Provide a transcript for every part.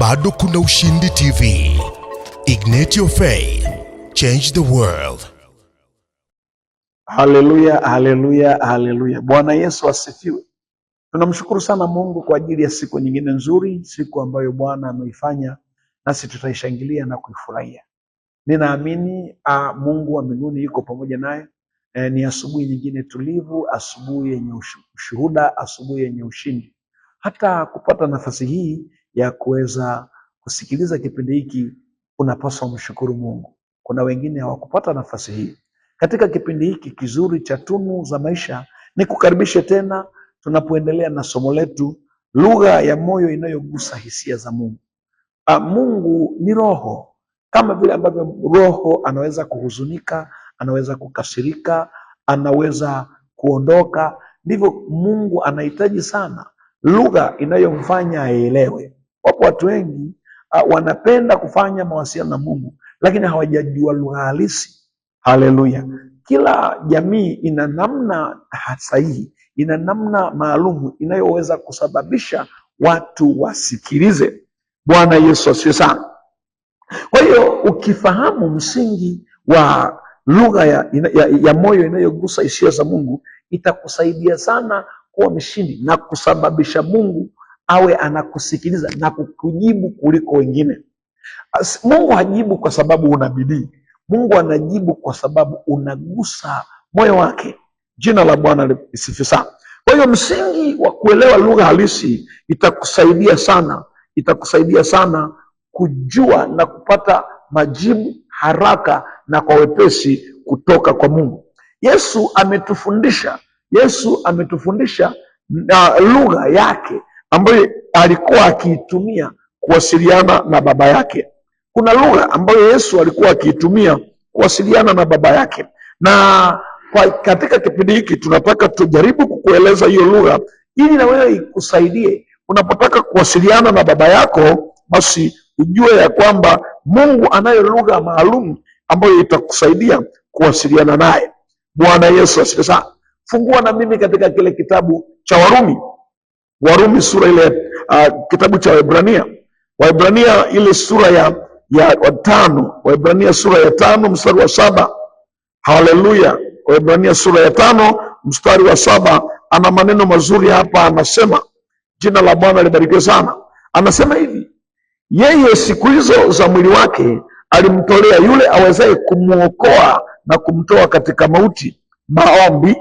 bado kuna ushindi TV. Ignite your faith, change the world. Haleluya, haleluya, haleluya! Bwana Yesu asifiwe. Tunamshukuru sana Mungu kwa ajili ya siku nyingine nzuri, siku ambayo Bwana ameifanya, nasi tutaishangilia na kuifurahia. Ninaamini Mungu wa mbinguni yuko pamoja naye. E, ni asubuhi nyingine tulivu, asubuhi yenye ushuhuda, asubuhi yenye ushindi. Hata kupata nafasi hii ya kuweza kusikiliza kipindi hiki, unapaswa mshukuru Mungu. Kuna wengine hawakupata nafasi hii. Katika kipindi hiki kizuri cha Tunu za Maisha, ni kukaribishe tena tunapoendelea na somo letu, lugha ya moyo inayogusa hisia za Mungu. A, ah, Mungu ni roho, kama vile ambavyo roho anaweza kuhuzunika, anaweza kukasirika, anaweza kuondoka, ndivyo Mungu anahitaji sana lugha inayomfanya aelewe. Wapo watu wengi uh, wanapenda kufanya mawasiliano na Mungu, lakini hawajajua lugha halisi. Haleluya! Kila jamii ina namna sahihi, ina namna maalumu inayoweza kusababisha watu wasikilize. Bwana Yesu asifiwe sana. Kwa hiyo ukifahamu msingi wa lugha ya, ya, ya moyo inayogusa hisia za Mungu itakusaidia sana kuwa mshindi na kusababisha Mungu awe anakusikiliza na kukujibu kuliko wengine. Mungu hajibu kwa sababu una bidii. Mungu anajibu kwa sababu unagusa moyo wake. Jina la Bwana lisifi sana. Kwa hiyo msingi wa kuelewa lugha halisi itakusaidia sana, itakusaidia sana kujua na kupata majibu haraka na kwa wepesi kutoka kwa Mungu. Yesu ametufundisha, Yesu ametufundisha uh, lugha yake ambayo alikuwa akiitumia kuwasiliana na baba yake. Kuna lugha ambayo Yesu alikuwa akiitumia kuwasiliana na baba yake, na kwa katika kipindi hiki tunataka tujaribu kukueleza hiyo lugha ili na wewe ikusaidie unapotaka kuwasiliana na baba yako, basi ujue ya kwamba Mungu anayo lugha maalum ambayo itakusaidia kuwasiliana naye. Bwana Yesu asifiwe sana. Fungua na mimi katika kile kitabu cha Warumi Warumi sura ile uh, kitabu cha Waebrania, Waebrania ile sura ya ya tano, Waebrania sura ya tano mstari wa saba. Haleluya! Waebrania sura ya tano mstari wa saba, ana maneno mazuri hapa. Anasema jina la Bwana libarikiwe sana. Anasema hivi, yeye siku hizo za mwili wake alimtolea yule awezaye kumwokoa na kumtoa katika mauti, maombi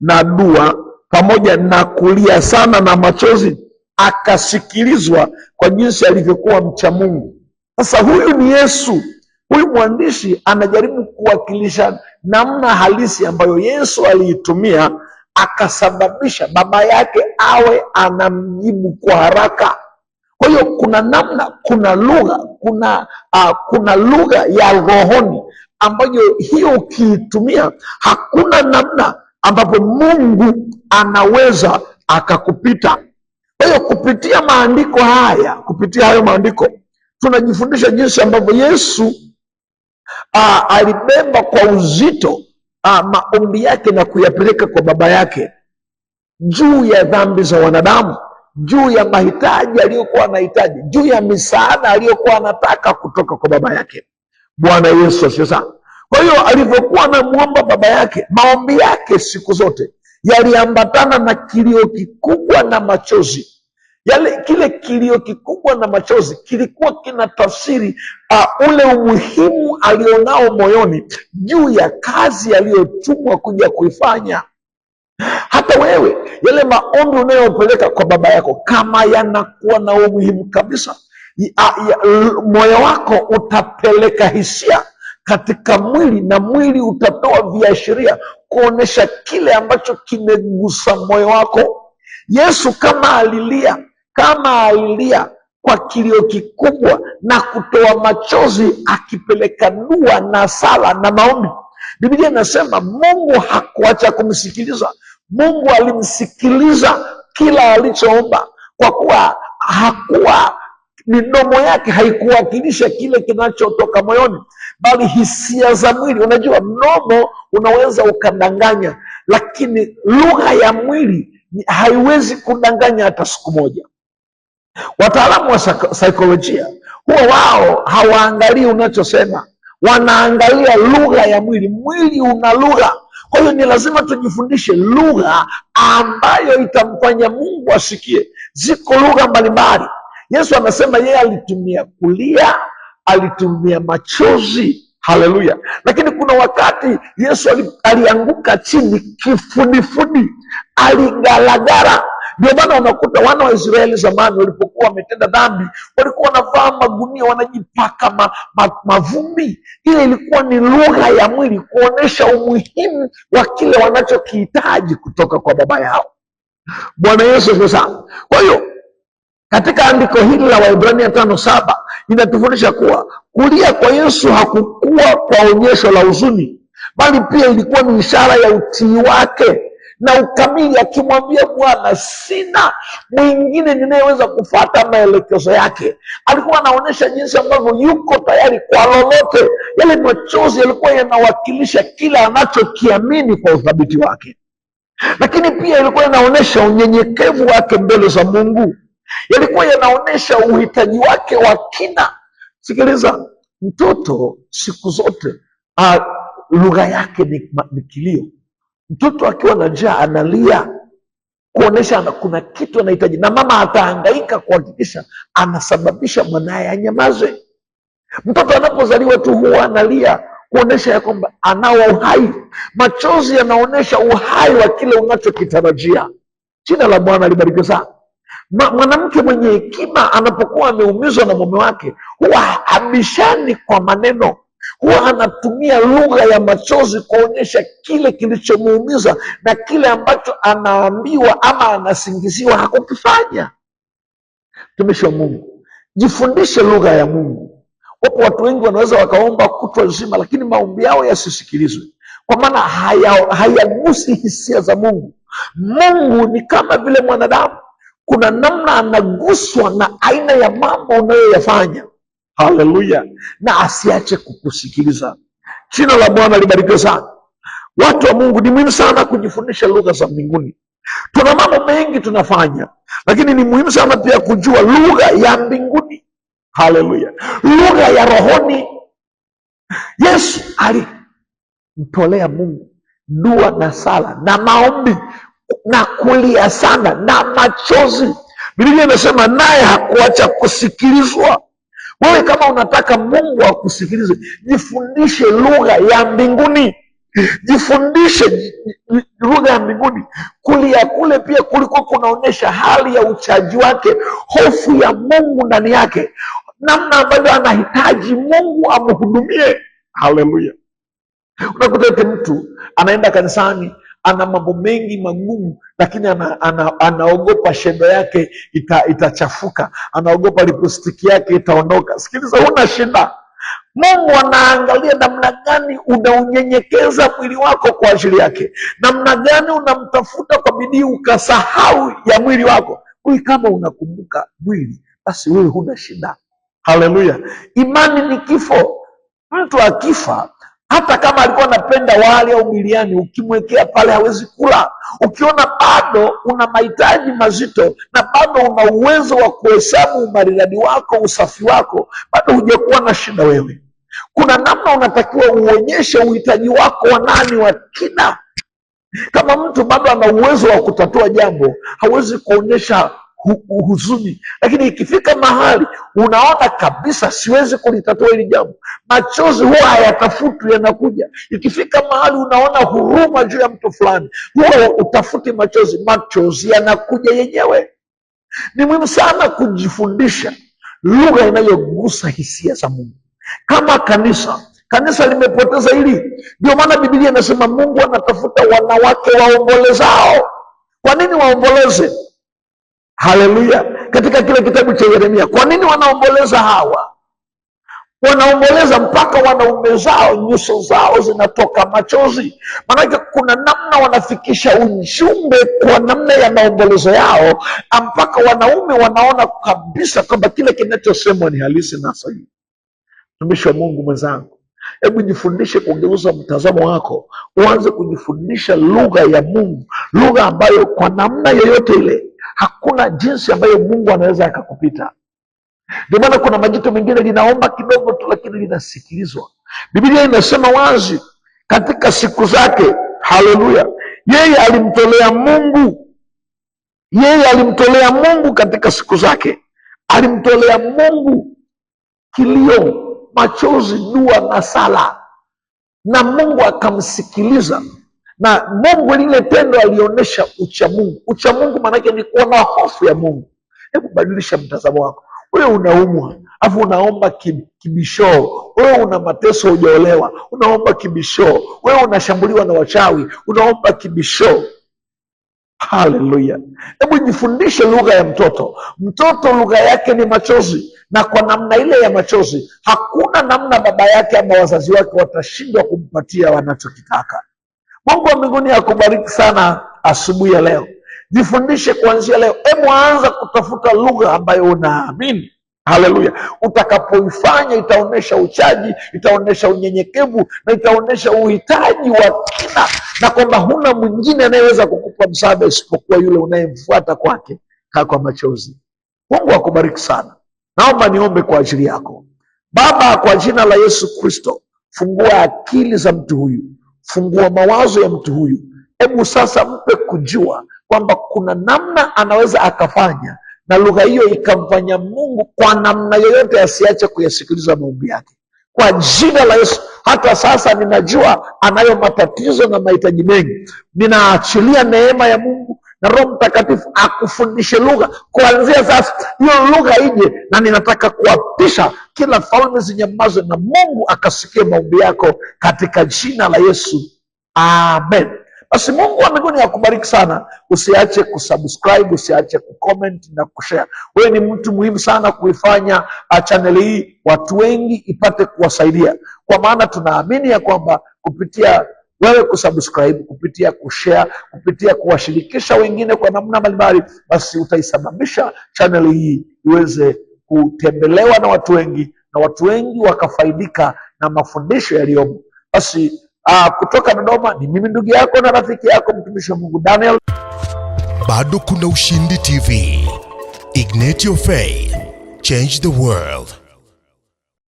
na dua pamoja na kulia sana na machozi, akasikilizwa kwa jinsi alivyokuwa mcha Mungu. Sasa huyu ni Yesu. Huyu mwandishi anajaribu kuwakilisha namna halisi ambayo Yesu aliitumia akasababisha baba yake awe anamjibu kwa haraka. Kwa hiyo kuna namna, kuna lugha, kuna uh, kuna lugha ya rohoni ambayo hiyo ukiitumia, hakuna namna ambapo Mungu anaweza akakupita. Kwa hiyo kupitia maandiko haya, kupitia hayo maandiko tunajifundisha jinsi ambavyo Yesu aa, alibeba kwa uzito aa, maombi yake na kuyapeleka kwa Baba yake juu ya dhambi za wanadamu, juu ya mahitaji aliyokuwa anahitaji, juu ya misaada aliyokuwa anataka kutoka kwa Baba yake. Bwana Yesu asifiwe sana. Kwa hiyo alivyokuwa anamwomba baba yake, maombi yake siku zote yaliambatana na kilio kikubwa na machozi yale. Kile kilio kikubwa na machozi kilikuwa kina tafsiri uh, ule umuhimu alionao moyoni juu ya kazi aliyotumwa kuja kuifanya. Hata wewe, yale maombi unayopeleka kwa baba yako, kama yanakuwa na umuhimu kabisa, moyo wako utapeleka hisia katika mwili, na mwili utatoa viashiria kuonyesha kile ambacho kimegusa moyo wako. Yesu kama alilia, kama alilia kwa kilio kikubwa na kutoa machozi, akipeleka dua na sala na maombi. Biblia inasema Mungu hakuacha kumsikiliza. Mungu alimsikiliza kila alichoomba, kwa kuwa hakuwa midomo yake haikuwakilisha kile kinachotoka moyoni bali hisia za mwili. Unajua, mdomo unaweza ukadanganya, lakini lugha ya mwili haiwezi kudanganya hata siku moja. Wataalamu wa saikolojia huwa wao hawaangalii unachosema, wanaangalia lugha ya mwili. Mwili una lugha. Kwa hiyo ni lazima tujifundishe lugha ambayo itamfanya Mungu asikie. Ziko lugha mbalimbali. Yesu anasema yeye alitumia kulia alitumia machozi. Haleluya! Lakini kuna wakati Yesu alianguka chini kifudifudi, aligaragara. Ndio maana unakuta wana wa Israeli zamani walipokuwa wametenda dhambi, walikuwa wanavaa magunia, wanajipaka ma, ma, mavumbi. Ile ilikuwa ni lugha ya mwili kuonyesha umuhimu wa kile wanachokihitaji kutoka kwa baba yao. Bwana Yesu sana. Kwa hiyo katika andiko hili la Waibrania tano saba inatufundisha kuwa kulia kwa Yesu hakukuwa kwa onyesho la huzuni, bali pia ilikuwa ni ishara ya utii wake na ukamili, akimwambia Bwana, sina mwingine ninayeweza kufuata maelekezo yake. Alikuwa anaonyesha jinsi ambavyo yuko tayari kwa lolote. Yale machozi yalikuwa yanawakilisha kila anachokiamini kwa uthabiti wake, lakini pia ilikuwa inaonyesha unyenyekevu wake mbele za Mungu yalikuwa yanaonyesha uhitaji wake wa kina. Sikiliza, mtoto siku zote ah, lugha yake ni, ni kilio. Mtoto akiwa na njaa analia kuonyesha kuna kitu anahitaji, na mama atahangaika kuhakikisha anasababisha mwanaye anyamaze. Mtoto anapozaliwa tu huwa analia kuonyesha ya kwamba anao uhai. Machozi yanaonyesha uhai wa kile unachokitarajia. Jina la Bwana libarikiwe sana. Mwanamke mwenye hekima anapokuwa ameumizwa na mume wake, huwa habishani kwa maneno, huwa anatumia lugha ya machozi kuonyesha kile kilichomuumiza, na kile ambacho anaambiwa ama anasingiziwa hakukifanya. Mtumishi wa Mungu, jifundishe lugha ya Mungu. Wapo watu wengi wanaweza wakaomba kutwa nzima, lakini maombi yao yasisikilizwe, kwa maana hayagusi haya hisia za Mungu. Mungu ni kama vile mwanadamu kuna namna anaguswa na aina ya mambo unayoyafanya. Haleluya! na asiache kukusikiliza. Jina la Bwana libarikiwe sana. Watu wa Mungu, ni muhimu sana kujifundisha lugha za mbinguni. Tuna mambo mengi tunafanya, lakini ni muhimu sana pia kujua lugha ya mbinguni. Haleluya, lugha ya rohoni. Yesu alimtolea Mungu dua na sala na maombi na kulia sana na machozi. Biblia imesema naye hakuacha kusikilizwa. Wewe kama unataka Mungu akusikilize, jifundishe lugha ya mbinguni, jifundishe lugha ya mbinguni. Kulia kule pia kulikuwa kunaonyesha hali ya uchaji wake, hofu ya Mungu ndani yake, namna ambavyo anahitaji Mungu amhudumie. Haleluya! Unakuta eti mtu anaenda kanisani ana mambo mengi magumu, lakini ana, ana, anaogopa shedo yake ita, itachafuka, anaogopa lipostiki yake itaondoka. Sikiliza, huna shida. Mungu anaangalia namna gani unaunyenyekeza mwili wako kwa ajili yake, namna gani unamtafuta kwa bidii ukasahau ya mwili wako. Kui, kama unakumbuka mwili, basi wewe huna shida. Haleluya! Imani ni kifo. Mtu akifa hata kama alikuwa anapenda wali au biriani, ukimwekea pale hawezi kula. Ukiona bado una mahitaji mazito na bado una uwezo wa kuhesabu umaridadi wako, usafi wako, bado hujakuwa na shida wewe. Kuna namna unatakiwa uonyeshe uhitaji wako wa nani, wa kina. Kama mtu bado ana uwezo wa kutatua jambo, hawezi kuonyesha huzuni, lakini ikifika mahali unaona kabisa siwezi kulitatua hili jambo, machozi huwa hayatafutwi, yanakuja. Ikifika mahali unaona huruma juu ya mtu fulani, huwa utafuti machozi, machozi yanakuja yenyewe. Ni muhimu sana kujifundisha lugha inayogusa hisia za Mungu kama kanisa. Kanisa limepoteza hili, ndio maana Biblia inasema Mungu anatafuta wanawake waombolezao. Kwa nini waomboleze? Haleluya! Katika kile kitabu cha Yeremia, kwa nini wanaomboleza hawa? Wanaomboleza mpaka wanaume zao nyuso zao zinatoka machozi. Maanake kuna namna wanafikisha ujumbe kwa namna ya maombolezo yao, mpaka wanaume wanaona kabisa kwamba kile kinachosemwa ni halisi na sahihi. Mtumishi wa Mungu mwenzangu, Hebu jifundishe kugeuza mtazamo wako, uanze kujifundisha lugha ya Mungu, lugha ambayo kwa namna yoyote ile Hakuna jinsi ambayo Mungu anaweza akakupita. Ndio maana kuna majito mengine linaomba kidogo tu, lakini linasikilizwa. Biblia inasema wazi katika siku zake, haleluya, yeye alimtolea Mungu, yeye alimtolea Mungu katika siku zake, alimtolea Mungu kilio, machozi, dua na sala, na Mungu akamsikiliza na Mungu lile tendo alionyesha Ucha Mungu maanake ni kuwa na hofu ya Mungu. Hebu badilisha mtazamo wako. Wewe unaumwa afu unaomba kibisho, Wewe una mateso, hujaolewa, unaomba kibisho, Wewe unashambuliwa na wachawi, unaomba kibisho. Haleluya! Hebu jifundishe lugha ya mtoto. Mtoto lugha yake ni machozi, na kwa namna ile ya machozi hakuna namna baba yake ama wazazi wake watashindwa kumpatia wanachokitaka. Mungu wa mbinguni akubariki sana asubuhi ya leo. Jifundishe kuanzia leo, hebu anza kutafuta lugha ambayo unaamini. Haleluya! Utakapoifanya itaonyesha uchaji, itaonyesha unyenyekevu na itaonyesha uhitaji wa kina, na kwamba huna mwingine anayeweza kukupa msaada isipokuwa yule unayemfuata kwake kaa kwa machozi. Mungu akubariki sana. Naomba niombe kwa ajili yako. Baba, kwa jina la Yesu Kristo, fungua akili za mtu huyu Fungua mawazo ya mtu huyu, hebu sasa mpe kujua kwamba kuna namna anaweza akafanya na lugha hiyo ikamfanya Mungu kwa namna yoyote asiache kuyasikiliza maombi yake kwa jina la Yesu. Hata sasa ninajua anayo matatizo na mahitaji mengi. Ninaachilia neema ya Mungu na Roho Mtakatifu akufundishe lugha kuanzia sasa, hiyo lugha ije, na ninataka kuapisha kila falme zinyamaze, na Mungu akasikia maombi yako katika jina la Yesu, amen. Basi Mungu wa mbinguni akubariki sana. Usiache kusubscribe, usiache kucomment na kushare. Wewe ni mtu muhimu sana kuifanya uh, chaneli hii watu wengi ipate kuwasaidia, kwa maana tunaamini ya kwamba kupitia wewe kusubscribe, kupitia kushare, kupitia kuwashirikisha wengine kwa namna mbalimbali, basi utaisababisha chaneli hii iweze kutembelewa na watu wengi na watu wengi wakafaidika na mafundisho yaliyomo. Basi uh, kutoka Dodoma ni mimi ndugu yako na rafiki yako mtumishi wa Mungu Daniel. Bado kuna Ushindi TV, ignite your faith, change the world.